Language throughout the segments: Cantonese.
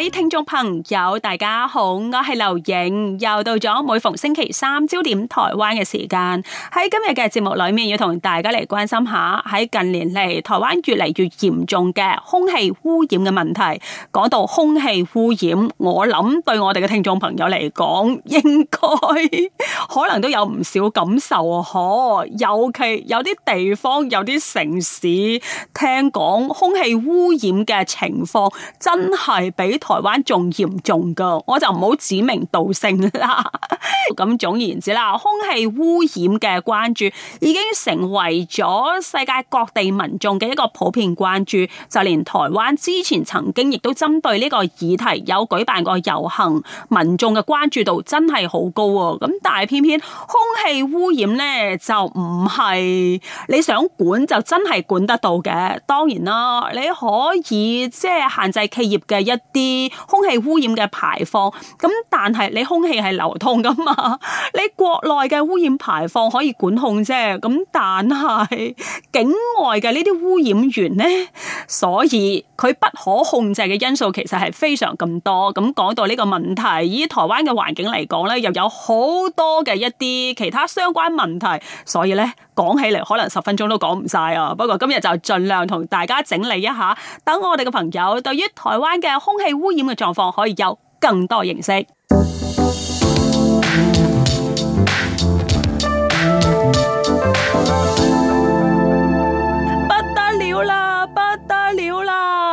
Hey, 聽眾朋友，大家好，我係劉影，又到咗每逢星期三焦點台灣嘅時間。喺今日嘅節目裏面，要同大家嚟關心下喺近年嚟台灣越嚟越嚴重嘅空氣污染嘅問題。講到空氣污染，我諗對我哋嘅聽眾朋友嚟講，應該可能都有唔少感受啊可。尤其有啲地方，有啲城市，聽講空氣污染嘅情況真係比台灣仲嚴重㗎，我就唔好指名道姓啦。咁總而言之啦，空氣污染嘅關注已經成為咗世界各地民眾嘅一個普遍關注。就連台灣之前曾經亦都針對呢個議題有舉辦過遊行，民眾嘅關注度真係好高啊！咁但係偏偏空氣污染咧就唔係你想管就真係管得到嘅。當然啦，你可以即係限制企業嘅一啲。空氣污染嘅排放，咁但係你空氣係流通噶嘛？你國內嘅污染排放可以管控啫，咁但係境外嘅呢啲污染源咧，所以佢不可控制嘅因素其實係非常咁多。咁講到呢個問題，以台灣嘅環境嚟講咧，又有好多嘅一啲其他相關問題，所以咧講起嚟可能十分鐘都講唔晒啊。不過今日就盡量同大家整理一下，等我哋嘅朋友對於台灣嘅空氣。污染嘅狀況可以有更多形式。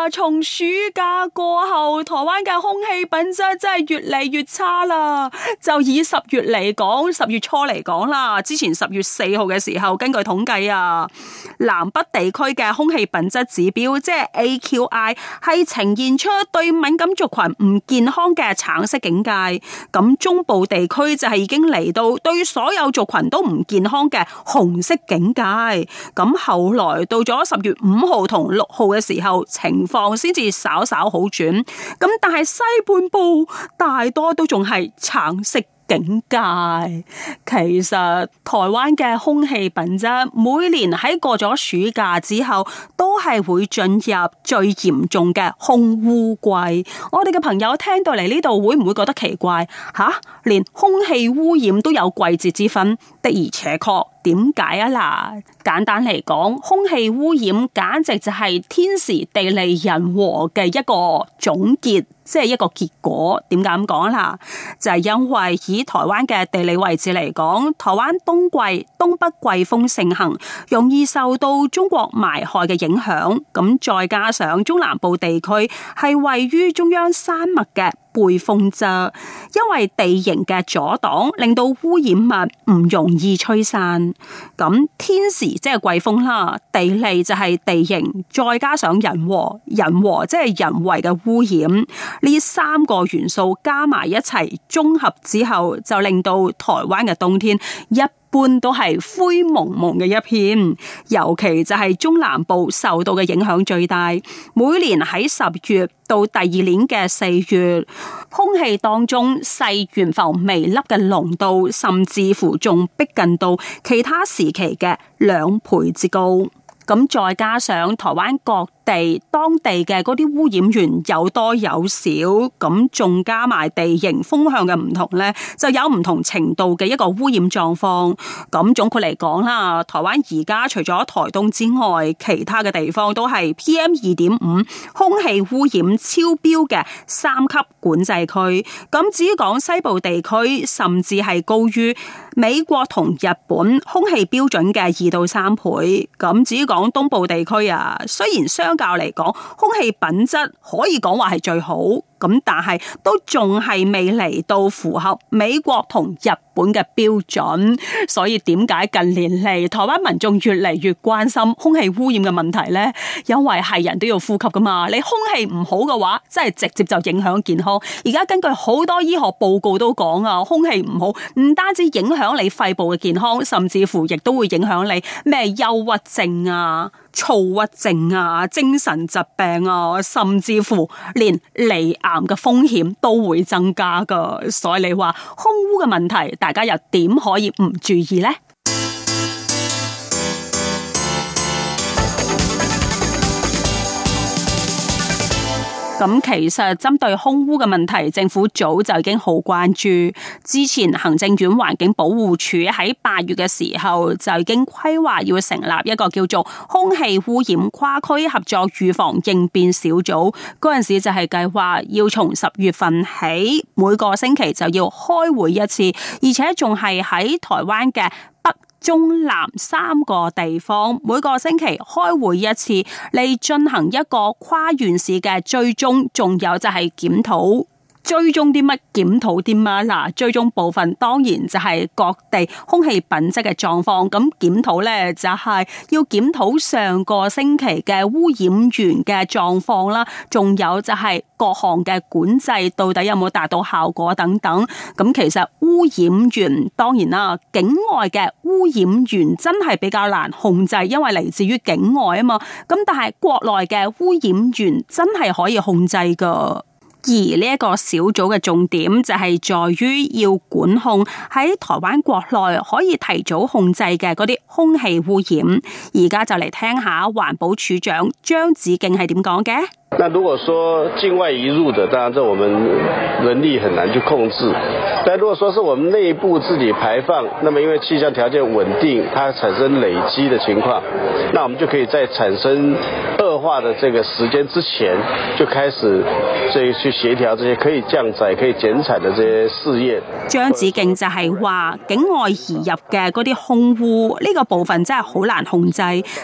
從暑假過後，台灣嘅空氣品質真係越嚟越差啦。就以十月嚟講，十月初嚟講啦，之前十月四號嘅時候，根據統計啊，南北地區嘅空氣品質指標即係 AQI 係呈現出對敏感族群唔健康嘅橙色警戒。咁中部地區就係已經嚟到對所有族群都唔健康嘅紅色警戒。咁後來到咗十月五號同六號嘅時候，情況，先至稍稍好轉，咁但係西半部大多都仲係橙色。境界其實台灣嘅空氣品質每年喺過咗暑假之後，都係會進入最嚴重嘅空污季。我哋嘅朋友聽到嚟呢度，會唔會覺得奇怪吓？連空氣污染都有季節之分，的而且確，點解啊嗱？簡單嚟講，空氣污染簡直就係天時地利人和嘅一個總結。即係一個結果，點解咁講啦？就係、是、因為以台灣嘅地理位置嚟講，台灣冬季東北季風盛行，容易受到中國霾害嘅影響。咁再加上中南部地區係位於中央山脈嘅。背風側，因為地形嘅阻擋，令到污染物唔容易吹散。咁天時即係季風啦，地利就係地形，再加上人和人和即係人為嘅污染，呢三個元素加埋一齊，綜合之後就令到台灣嘅冬天一。半都係灰蒙蒙嘅一片，尤其就係中南部受到嘅影響最大。每年喺十月到第二年嘅四月，空氣當中細懸浮微粒嘅濃度，甚至乎仲逼近到其他時期嘅兩倍之高。咁再加上台灣各地地當地嘅嗰啲污染源，有多有少，咁仲加埋地形風向嘅唔同咧，就有唔同程度嘅一個污染狀況，咁總括嚟講啦，台灣而家除咗台東之外，其他嘅地方都係 PM 二點五空氣污染超標嘅三級管制區，咁至於講西部地區甚至係高於美國同日本空氣標準嘅二到三倍。咁至於講東部地區啊，雖然相比較嚟講，空氣品質可以講話係最好，咁但係都仲係未嚟到符合美國同日本嘅標準。所以點解近年嚟台灣民眾越嚟越關心空氣污染嘅問題呢？因為係人都要呼吸噶嘛，你空氣唔好嘅話，即係直接就影響健康。而家根據好多醫學報告都講啊，空氣唔好唔單止影響你肺部嘅健康，甚至乎亦都會影響你咩憂鬱症啊。躁鬱症啊，精神疾病啊，甚至乎連罹癌嘅風險都會增加噶，所以你話空污嘅問題，大家又點可以唔注意呢？咁其實針對空污嘅問題，政府早就已經好關注。之前行政院環境保護署喺八月嘅時候就已經規劃要成立一個叫做空氣污染跨區合作預防應變小組。嗰陣時就係計劃要從十月份起每個星期就要開會一次，而且仲係喺台灣嘅北。中南三個地方每個星期開會一次，嚟進行一個跨縣市嘅追蹤，仲有就係檢討。追蹤啲乜？檢討啲乜？嗱、啊，追蹤部分當然就係各地空氣品質嘅狀況。咁檢討呢，就係、是、要檢討上個星期嘅污染源嘅狀況啦，仲有就係各項嘅管制到底有冇達到效果等等。咁其實污染源當然啦，境外嘅污染源真係比較難控制，因為嚟自於境外啊嘛。咁但係國內嘅污染源真係可以控制噶。而呢一個小組嘅重點就係在於要管控喺台灣國內可以提早控制嘅嗰啲空氣污染。而家就嚟聽下環保署長張子敬係點講嘅。那如果說境外移入嘅，當然我們人力很難去控制。但如果說是我們內部自己排放，那麼因為氣象條件穩定，它產生累積的情況，那我們就可以再產生。化的這個時間之前就開始，所以去協調這些可以降載、可以減產的這些事業。張子敬就係話，境外移入嘅嗰啲空污呢個部分真係好難控制。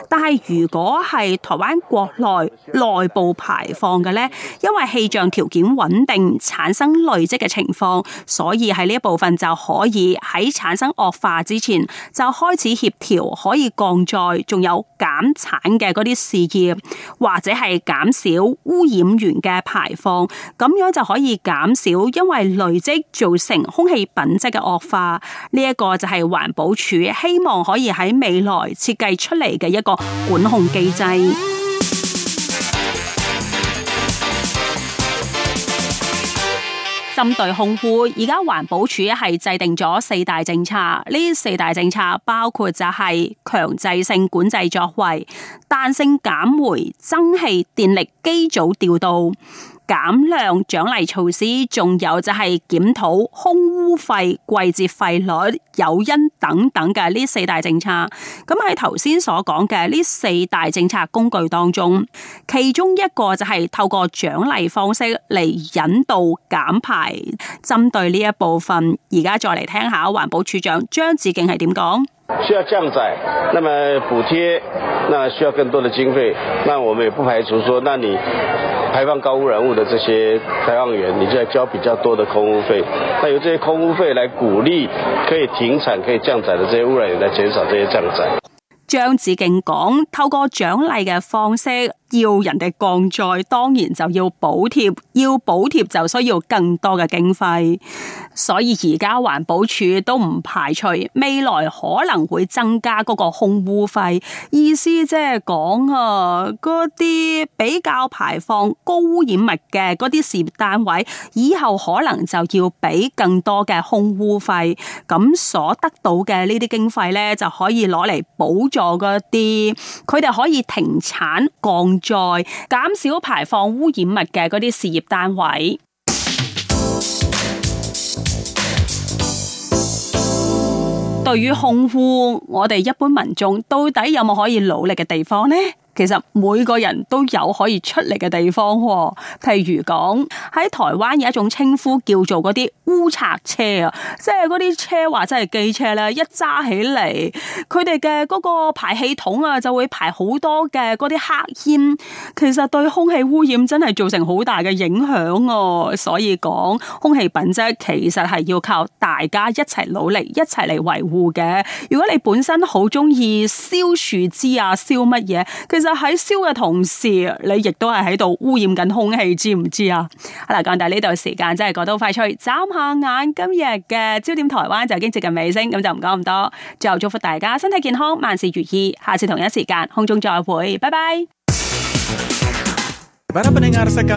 但係如果係台灣國內內部排放嘅咧，因為氣象條件穩定，產生累積嘅情況，所以喺呢一部分就可以喺產生惡化之前就開始協調可以降載，仲有減產嘅嗰啲事業。或者係減少污染源嘅排放，咁樣就可以減少因為累積造成空氣品質嘅惡化。呢一個就係環保署希望可以喺未來設計出嚟嘅一個管控機制。針對空污，而家環保署係制定咗四大政策。呢四大政策包括就係強制性管制作為、彈性減煤、增氣、電力機組調度。減量獎勵措施，仲有就係檢討空污費、季節費率、誘因等等嘅呢四大政策。咁喺頭先所講嘅呢四大政策工具當中，其中一個就係透過獎勵方式嚟引導減排。針對呢一部分，而家再嚟聽下環保署長張志敬係點講？需要降載，那麼補貼，那需要更多的經費，那我們也不排除說，那你。排放高污染物的這些排放源，你就要交比較多的空污費。那由這些空污費來鼓勵，可以停產、可以降載的這些污染源來減少這些降載。張子敬講，透過獎勵的方式。要人哋降載當然就要補貼，要補貼就需要更多嘅經費，所以而家環保署都唔排除未來可能會增加嗰個空污費，意思即係講啊，啲比較排放高污染物嘅啲事業單位，以後可能就要俾更多嘅空污費，咁所得到嘅呢啲經費咧，就可以攞嚟補助啲佢哋可以停產降。在減少排放污染物嘅嗰啲事業單位，對於控污，我哋一般民眾到底有冇有可以努力嘅地方呢？其實每個人都有可以出嚟嘅地方。哦，譬如講喺台灣有一種稱呼叫做嗰啲烏賊車，是那些車，是車那啊，即係嗰啲車或者係機車咧，一揸起嚟，佢哋嘅嗰個排氣筒啊就會排好多嘅嗰啲黑煙，其實對空氣污染真係造成好大嘅影響哦。所以講空氣品質其實係要靠大家一齊努力一齊嚟維護嘅。如果你本身好中意燒樹枝啊燒乜嘢，就喺燒嘅同時，你亦都係喺度污染緊空氣，知唔知啊？好啦，咁但係呢度時間真係過得好快脆，眨下眼，今日嘅焦點台灣就已經接近尾聲，咁就唔講咁多。最後祝福大家身體健康，萬事如意。下次同一時間空中再會，拜拜。